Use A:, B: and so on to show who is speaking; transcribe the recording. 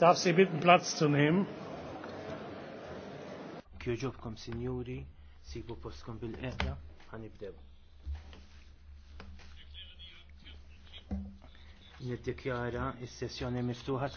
A: darf Sie bitten, Platz zu nehmen. Kjoġobkom, signori, sibu postkom bil-eqra,
B: għanibdew. Niddikjara is-sessjoni miftuħa